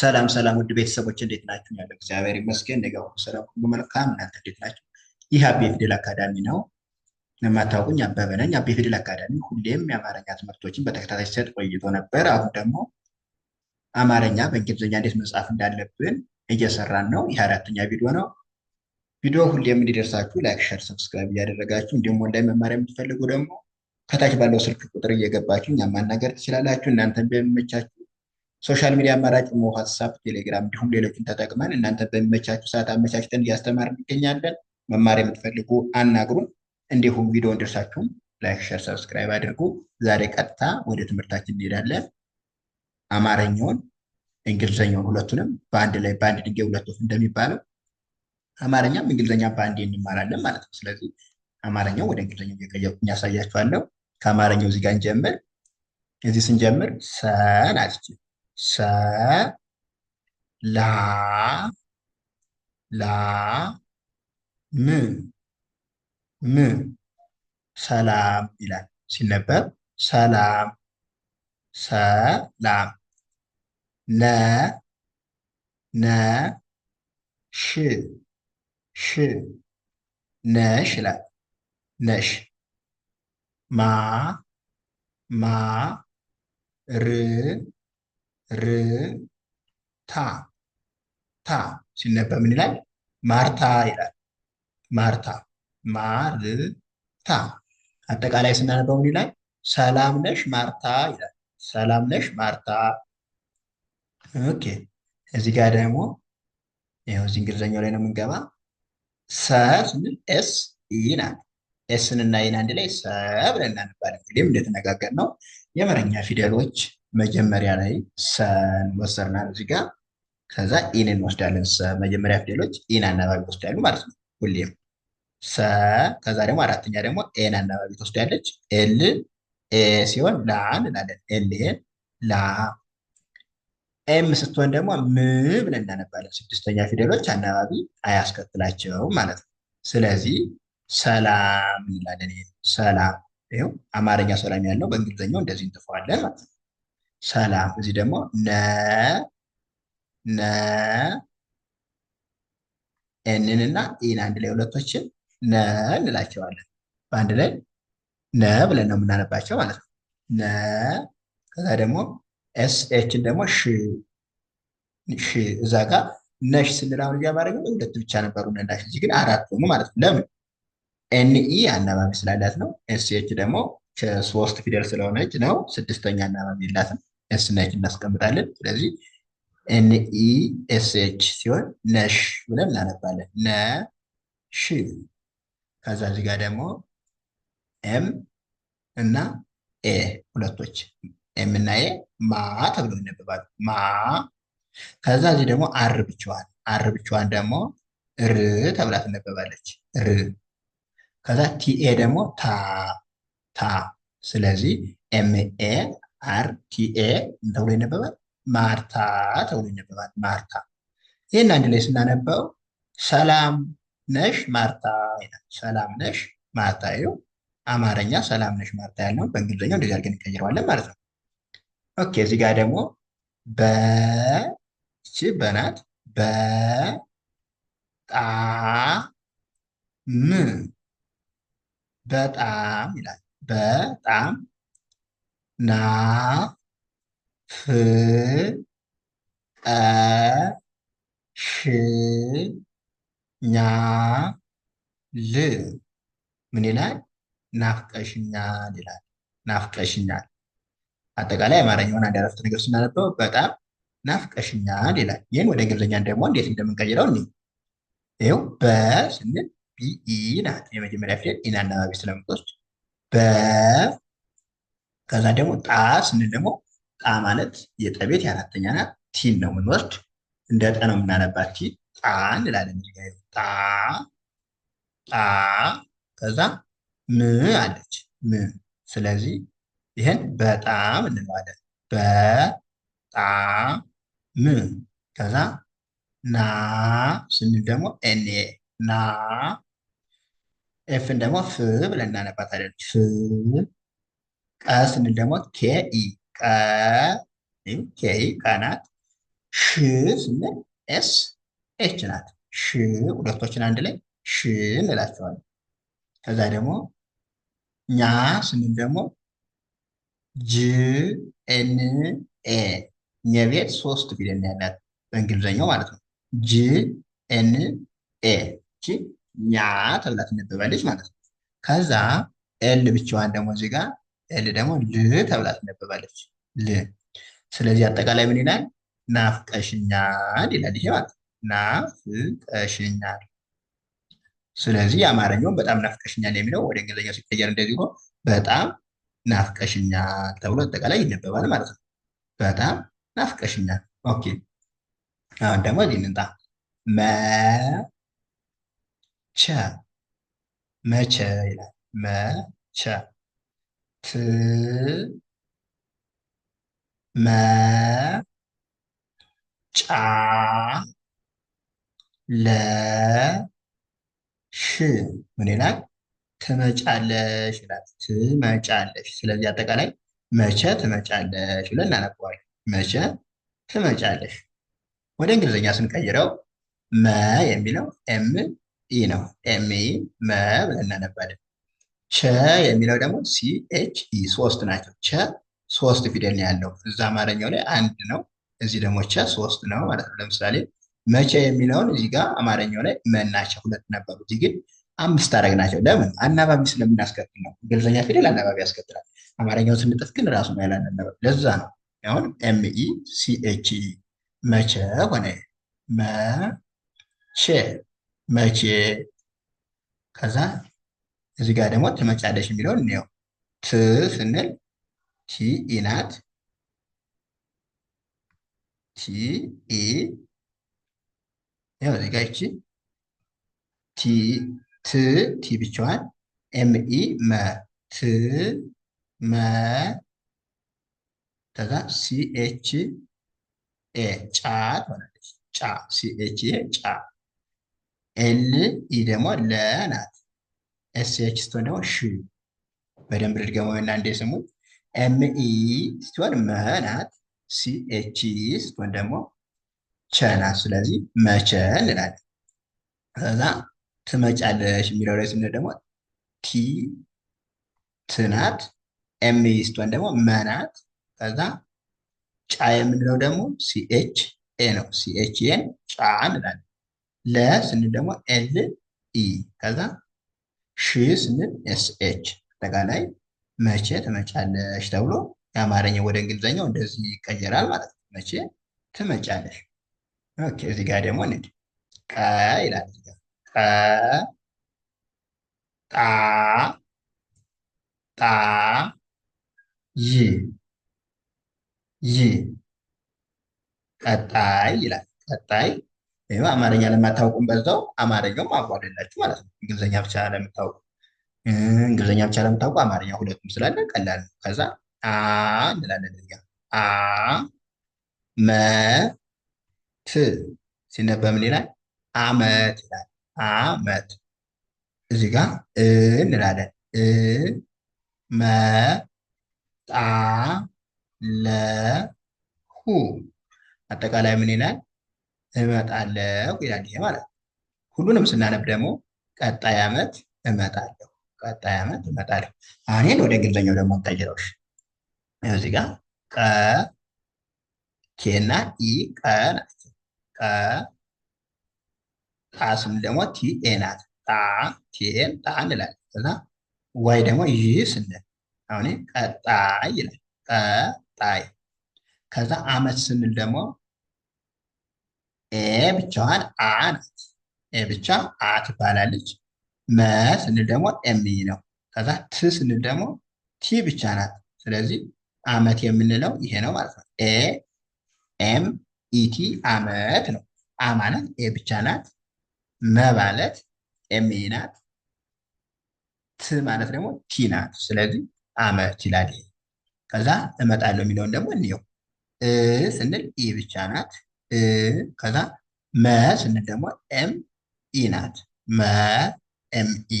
ሰላም ሰላም ውድ ቤተሰቦች እንዴት ናችሁ? ያለ እግዚአብሔር ይመስገን። ነገ ሁሉ ሰላም ሁሉ መልካም። እናንተ እንዴት ናችሁ? ይህ አቤ ፊደል አካዳሚ ነው። የማታውቁኝ አበበ ነኝ። አቤ ፊደል አካዳሚ ሁሌም የአማርኛ ትምህርቶችን በተከታታይ ሲሰጥ ቆይቶ ነበር። አሁን ደግሞ አማርኛ በእንግሊዝኛ እንዴት መጻፍ እንዳለብን እየሰራን ነው። ይህ አራተኛ ቪዲዮ ነው። ቪዲዮ ሁሌም እንዲደርሳችሁ ላይክ፣ ሸር፣ ሰብስክራይብ እያደረጋችሁ እንዲሁም ኦንላይን መማሪያ የምትፈልጉ ደግሞ ከታች ባለው ስልክ ቁጥር እየገባችሁ እኛም ማናገር ትችላላችሁ። እናንተን በሚመቻችሁ ሶሻል ሚዲያ አማራጭ ሞ ዋትሳፕ፣ ቴሌግራም እንዲሁም ሌሎችን ተጠቅመን እናንተ በሚመቻችሁ ሰዓት አመቻችተን እያስተማር እንገኛለን። መማር የምትፈልጉ አናግሩን። እንዲሁም ቪዲዮ እንደርሳችሁም ላይክ፣ ሸር፣ ሰብስክራይብ አድርጉ። ዛሬ ቀጥታ ወደ ትምህርታችን እንሄዳለን። አማርኛውን እንግሊዘኛውን ሁለቱንም በአንድ ላይ በአንድ ድንጋይ ሁለት ወፍ እንደሚባለው አማርኛም እንግሊዘኛ በአንድ እንማራለን ማለት ነው። ስለዚህ አማርኛው ወደ እንግሊዘኛው እየቀየርኩኝ ያሳያችኋለሁ። ከአማርኛው እዚህ ጋር እንጀምር። እዚህ ስንጀምር ሰ ናት Ça, la, la, mu, mu, salam, il a, s'il n'est pas, salam, la, na, ne, chez, chez, neche, la, neche, ma, ma, re. ርታ ታ ሲነበብ ምን ይላል? ማርታ ይላል። ማርታ ማር ታ አጠቃላይ ስናነበው ምን ይላል? ሰላም ነሽ ማርታ ይላል። ሰላም ነሽ ማርታ። ኦኬ እዚህ ጋር ደግሞ ይኸው እዚህ እንግሊዝኛው ላይ ነው የምንገባ። ሰ ስንል ኤስ ኢ ናት። ኤስን እና ኢን አንድ ላይ ሰ ብለን እናነባለን። ሁሌም እንደተነጋገር ነው የመረኛ ፊደሎች መጀመሪያ ላይ ሰን ወሰድና እዚህ ጋር ከዛ ኢን እንወስዳለን። መጀመሪያ ፊደሎች ኢን አናባቢ ወስዳሉ ማለት ነው ሁሌም ሰ። ከዛ ደግሞ አራተኛ ደግሞ ኤን አናባቢ ትወስዳለች። ኤል ኤ ሲሆን ላ እንላለን። ኤልን ላ። ኤም ስትሆን ደግሞ ም ብለን እናነባለን። ስድስተኛ ፊደሎች አናባቢ አያስከትላቸውም ማለት ነው። ስለዚህ ሰላም እንላለን። ሰላም ይኸው አማርኛ ሰላም ያለው በእንግሊዝኛው እንደዚህ እንጥፈዋለን ማለት ነው። ሰላም። እዚህ ደግሞ ነ ነ ኤንን እና ኢን አንድ ላይ ሁለቶችን ነ እንላቸዋለን። በአንድ ላይ ነ ብለን ነው የምናነባቸው ማለት ነው። ነ ከዛ ደግሞ ኤስ ኤችን ደግሞ ሽ ሽ እዛ ጋ ነሽ ስንል አሁን እዚያ ማድረግ ሁለት ብቻ ነበሩ ነዳሽ፣ እዚህ ግን አራት ሆኑ ማለት ነው። ለምን ኤንኢ አናባቢ ስላላት ነው። ኤስ ኤች ደግሞ ሶስት ፊደል ስለሆነች ነው ስድስተኛ አናባቢ የላትም። ኤስ ነች እናስቀምጣለን። ስለዚህ ኤንኢ ኤስ ኤች ሲሆን ነሽ ብለን እናነባለን። ነ ሽ ከዛ እዚህ ጋር ደግሞ ኤም እና ኤ ሁለቶች ኤም እና ኤ ማ ተብለው ይነበባሉ። ማ ከዛ እዚህ ደግሞ አር ብቻዋን አር ብቻዋን ደግሞ ር ተብላ ትነበባለች። ር ከዛ ቲኤ ደግሞ ታ ታ ስለዚህ ኤምኤ አርቲኤ ተብሎ ይነበባል። ማርታ ተብሎ ይነበባል። ማርታ ይህን አንድ ላይ ስናነበው ሰላም ነሽ ማርታ ይላል። ሰላም ነሽ ማርታ ይው አማርኛ ሰላም ነሽ ማርታ ያልነው በእንግሊዝኛው እንደዚህ አድርገን እንቀይረዋለን ማለት ነው። ኦኬ እዚህ ጋር ደግሞ በቺ በናት በጣም በጣም ይላል በጣም ና ፍ ቀ ሽ ኛ ል ምን ይላል? ናፍቀሽኛል ይላል። ናፍቀሽኛል አጠቃላይ አማርኛውን አንድ አረፍተ ነገር ስናነበው በጣም ናፍቀሽኛል ይላል። ይህን ወደ እንግሊዝኛን ደግሞ እንዴት እንደምንቀይረው እኔ ይኸው በስንል ቢኢ ናት የመጀመሪያ ፊደል ኢና አናባቢ ስለምትወስድ በ ከዛ ደግሞ ጣ ስንል ደግሞ ጣ ማለት የጠቤት የአራተኛ ናት። ቲን ነው የምንወስድ እንደ ጠ ነው የምናነባት ቲ ጣ እንላለን። ጣ ጣ ከዛ ም አለች ም። ስለዚህ ይህን በጣም እንለዋለን። በጣም ም ከዛ ና ስንል ደግሞ ኤኔ ና ኤፍን ደግሞ ፍ ብለን እናነባታለን። ፍ ቀ ስንል ደግሞ ኬ ቀ ኢ ቀናት። ሽ ስንል ኤስ ኤች ናት። ሽ ሁለቶችን አንድ ላይ ሽ እንላቸዋለን። ከዛ ደግሞ ኛ ስንል ደግሞ ጅ ኤን ኤ የቤት ሶስት ፊደል ያላት በእንግሊዝኛው ማለት ነው። ጅ ኤን ኤ ኛ ተብላ ትነበባለች ማለት ነው። ከዛ ኤል ብቻዋን ደግሞ እዚህ ጋ ኤል ደግሞ ል ተብላ ትነበባለች ል። ስለዚህ አጠቃላይ ምን ይላል? ናፍቀሽኛል ይላል። ይሄ ማለት ናፍቀሽኛል። ስለዚህ የአማርኛውን በጣም ናፍቀሽኛል የሚለው ወደ እንግሊዝኛው ሲቀየር እንደዚህ በጣም ናፍቀሽኛል ተብሎ አጠቃላይ ይነበባል ማለት ነው። በጣም ናፍቀሽኛል። ኦኬ አሁን ደግሞ እዚህ እንምጣ መ ቸ መቼ ይላል መቸ ት መ ጫ ለ ሽ ምን ይላል? ትመጫለሽ ይላል። ትመጫለሽ። ስለዚህ አጠቃላይ መቼ ትመጫለሽ ብለን እናነበዋለን። መቼ ትመጫለሽ። ወደ እንግሊዝኛ ስንቀይረው መ የሚለው ኤም ኢ ነው። ኤም ኢ መ ብለን እናነባለን። ቸ የሚለው ደግሞ ሲ ኤች ኢ ሶስት ናቸው። ቸ ሶስት ፊደል ያለው። እዛ አማርኛው ላይ አንድ ነው፣ እዚህ ደግሞ ቸ ሶስት ነው ማለት ነው። ለምሳሌ መቼ የሚለውን እዚህ ጋር አማርኛው ላይ መናቸው ሁለት ነበሩ፣ እዚህ ግን አምስት አደረግ ናቸው። ለምን አናባቢ ስለምናስከትል ነው። እንግሊዝኛ ፊደል አናባቢ ያስከትላል። አማርኛው ስንጥፍ ግን ራሱ ነው ነበር። ለዛ ነው አሁን ኤች ኢ መቼ ሆነ መቼ መቼ ከዛ እዚ ጋር ደግሞ ትመጫለሽ የሚለውን እንየው። ት ስንል ቲ ኢ ናት። ቲ ኢ ያው እዚህ ጋር ይቺ ቲ ት ቲ ብቻዋን ኤም ኢ መ ት መ ከዛ ሲ ኤች ኤ ጫ ትሆናለች። ጫ ሲ ኤች ኤ ጫ ኤል ኢ ደግሞ ለናት። ኤስ ኤች ስትሆን ደግሞ ሽ። በደንብ ድገመውና እንዴ ስሙ። ኤም ኢ ስትሆን መናት። ሲ ኤች ስትሆን ደግሞ ቸ ናት። ስለዚህ መቸ እንላለን። ከዛ ትመጫለሽ የሚለው ላይ ስንል ደግሞ ቲ ትናት። ኤም ኢ ስትሆን ደግሞ መናት። ከዛ ጫ የምንለው ደግሞ ሲኤች ኤ ነው። ሲኤች ኤን ጫ እንላለን። ለ ስንል ደግሞ ኤል ኢ ከዛ ሺ ስንል ኤስ ኤች አጠቃላይ መቼ ትመጫለሽ ተብሎ የአማርኛ ወደ እንግሊዝኛው እንደዚህ ይቀየራል ማለት ነው። መቼ ትመጫለሽ። ኦኬ እዚህ ጋር ደግሞ እንሂድ። ቀ ይላል እዚህ ጋር ቀ ጣ ጣ ይ ይ ቀጣይ ይላል ቀጣይ ይኸው አማርኛ ለማታውቁም በዛው አማርኛውም አጓደላችሁ ማለት ነው። እንግሊዝኛ ብቻ ለምታውቁ እንግሊዝኛ ብቻ ለምታውቁ አማርኛ ሁለቱም ስላለ ቀላል ነው። ከዛ አ እንላለን እኛ አ መ ት ሲነበብ ምን ይላል? አመት ይላል። አመት እዚህ ጋ እ እንላለን እ መ ጣ ለ ሁ አጠቃላይ ምን ይላል? እመጣለሁ ይላል። ይሄ ማለት ሁሉንም ስናነብ ደግሞ ቀጣይ ዓመት እመጣለሁ፣ ቀጣይ ዓመት እመጣለሁ። አሁን ወደ እንግሊዝኛው ደግሞ እንቀይረው። እዚህ ጋር ቀ ኬና ኢ ቀ ናቸው። ቀ ጣ ስንል ደግሞ ቲኤ ናት። ጣ ቲኤን ጣ እንላለን። ከዛ ዋይ ደግሞ ይህ ስንል አሁን ቀጣይ ይላል። ቀጣይ ከዛ አመት ስንል ደግሞ ኤ ብቻዋን አ ናት። ብቻ አ ትባላለች። መ ስንል ደግሞ ኤም ነው። ከዛ ት ስንል ደግሞ ቲ ብቻ ናት። ስለዚህ አመት የምንለው ይሄ ነው ማለት ነው። ኤ ኤም ኢቲ አመት ነው። አ ማለት ኤ ብቻ ናት። መ ማለት ኤም ናት። ት ማለት ደግሞ ቲ ናት። ስለዚህ አመት ይላል። ከዛ እመጣለሁ የሚለውን ደግሞ እንየው። እ ስንል ኢ ብቻ ናት። እ ከዛ መ ስንል ደግሞ ኤም ኢ ናት። መ ኤም ኢ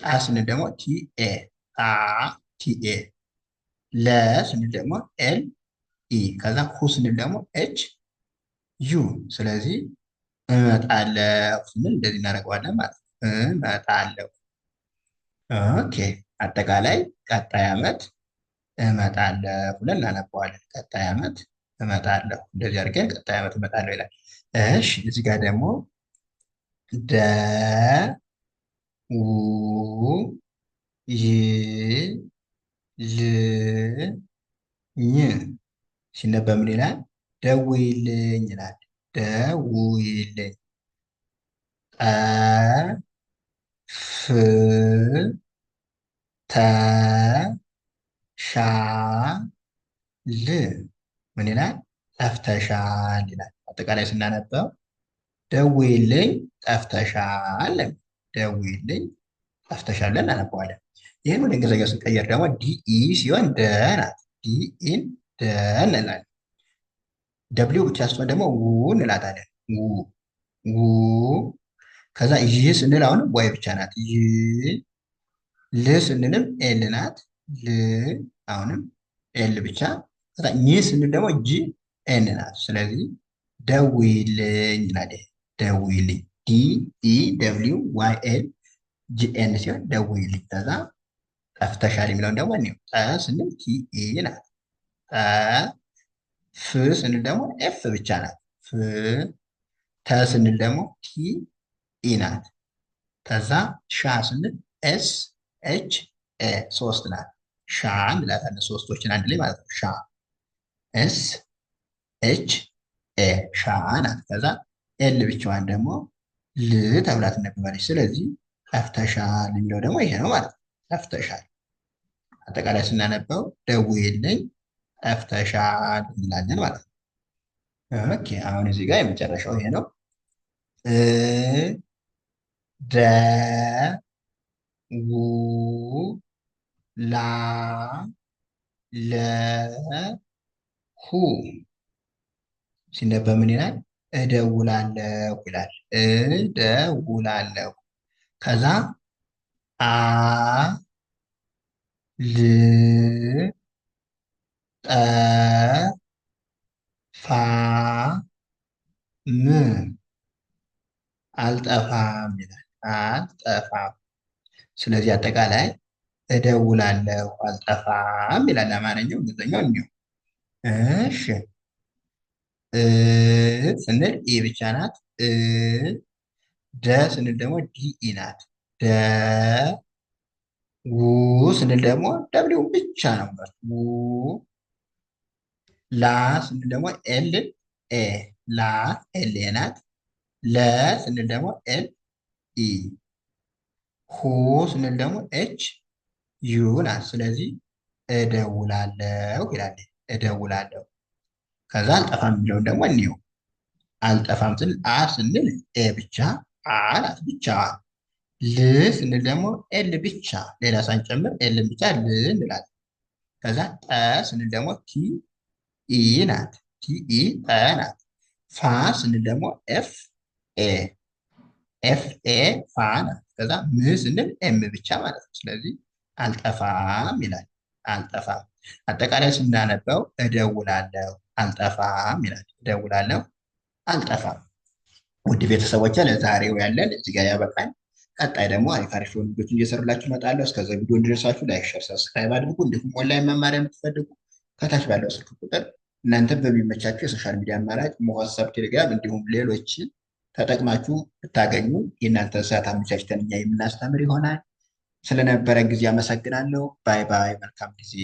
ጣ ስንል ደግሞ ቲ ኤ ጣ ቲ ኤ ለ ስንል ደግሞ ኤል ኢ ከዛ ሁ ስንል ደግሞ ኤች ዩ። ስለዚህ እመጣለሁ ስንል እንደዚህ እናደርገዋለን ማለት ነው። እመጣለሁ። ኦኬ አጠቃላይ ቀጣይ ዓመት እመጣለሁ ብለን እናነበዋለን። ቀጣይ ዓመት እመጣለሁ እንደዚህ አድርገን ቀጣይ ዓመት እመጣለሁ ይላል። እሺ እዚህ ጋር ደግሞ ደ ው ይ ል ኝ ሲነበብ ምን ይላል? ደውይልኝ ይላል። ደውይልኝ ጠ ፍ ተ ሻ ል ምን ይላል? ጠፍተሻል ይላል። አጠቃላይ ስናነበው ደዌልኝ ጠፍተሻል፣ ደዌልኝ ጠፍተሻል ብለን እናነበዋለን። ይህን ወደ እንግሊዝኛ ስንቀየር ደግሞ ዲኢ ሲሆን ደ ናት። ዲኢን ደ እንላለን። ደብሊው ብቻ ስትሆን ደግሞ ው እንላታለን። ው ው ከዛ ይ ስንል አሁን ዋይ ብቻ ናት። ይ ል ስንልም ኤል ናት። ል አሁንም ኤል ብቻ ኝ ስንል ደግሞ እጅ ኤን ናት። ስለዚህ ደዊልኝ ይላል። ደዊልኝ ዲ ኢ ደብሊው ዋይ ኤል ጂ ኤን ሲሆን ደዊልኝ። ከዛ ጠፍተሻል የሚለውን ደግሞ እኔው ጠ ስንል ቲ ኢ ናት። ፍ ስንል ደግሞ ኤፍ ብቻ ናት። ፍ ተ ስንል ደግሞ ቲ ኢ ናት። ከዛ ሻ ስንል ኤስ ኤች ኤ ሶስት ናት። ሻ እንላታለን። ሶስቶችን አንድ ላይ ማለት ነው። ሻ ኤስ ኤች ኤ ሻ ናት። ከዛ ኤል ብቻዋን ደግሞ ል ተብላ ትነበባለች። ስለዚህ ጠፍተሻል የሚለው ደግሞ ይሄ ነው ማለት ነው። ጠፍተሻል አጠቃላይ ስናነበው ደውዬልኝ ጠፍተሻል እንላለን ማለት ነው። ኦኬ አሁን እዚህ ጋር የመጨረሻው ይሄ ነው። ደ ው ላ ለ ሁ ሲነበብ ምን ይላል? እደውላለሁ ይላል። እደውላለሁ ከዛ አ ል ጠ ፋ ም አልጠፋም ይላል። አልጠፋም ስለዚህ አጠቃላይ እደውላለሁ አልጠፋም ይላል። አማርኛው እንግሊዝኛው እንዲሁ እሺ እ ስንል ኢ ብቻ ናት። እ ደ ስንል ደግሞ ዲ ኢ ናት። ደ ው ስንል ደግሞ ደብሊው ብቻ ነው። ው ላ ስንል ደግሞ ኤል ኤ ላ ኤል ኤ ናት። ለ ስንል ደግሞ ኤል ኢ ሁ ስንል ደግሞ ኤች ዩ ናት። ስለዚህ እደውላለሁ ይላለ። እደውላለሁ። ከዛ አልጠፋም የሚለውን ደግሞ እንየው። አልጠፋም ስንል አ ስንል ኤ ብቻ አ ናት ብቻ ል ስንል ደግሞ ኤል ብቻ ሌላ ሳንጨምር ኤልን ብቻ ል እንላለን። ከዛ ጠ ስንል ደግሞ ቲ ኢ ናት ቲ ኢ ጠ ናት። ፋ ስንል ደግሞ ኤፍ ኤ ኤፍ ኤ ፋ ናት። ከዛ ም ስንል ኤም ብቻ ማለት ነው። ስለዚህ አልጠፋም ይላል። አልጠፋም አጠቃላይ ስናነበው እደውላለሁ አልጠፋም ይላል። እደውላለሁ አልጠፋም። ውድ ቤተሰቦች ለዛሬው ያለን እዚህ ጋር ያበቃል። ቀጣይ ደግሞ አሪፍ አሪፍ የሆኑ እየሰሩላችሁ እመጣለሁ። እስከዛ ቪዲዮ እንዲደርሳችሁ ላይክ፣ ሸር፣ ሰብስክራይብ አድርጉ። እንዲሁም ኦንላይን መማሪያ የምትፈልጉ ከታች ባለው ስልክ ቁጥር እናንተም በሚመቻችሁ የሶሻል ሚዲያ አማራጭ መዋሳብ፣ ቴሌግራም እንዲሁም ሌሎችን ተጠቅማችሁ ብታገኙ የእናንተ ሰዓት አመቻችተን እኛ የምናስተምር ይሆናል። ስለነበረ ጊዜ አመሰግናለሁ። ባይ ባይ። መልካም ጊዜ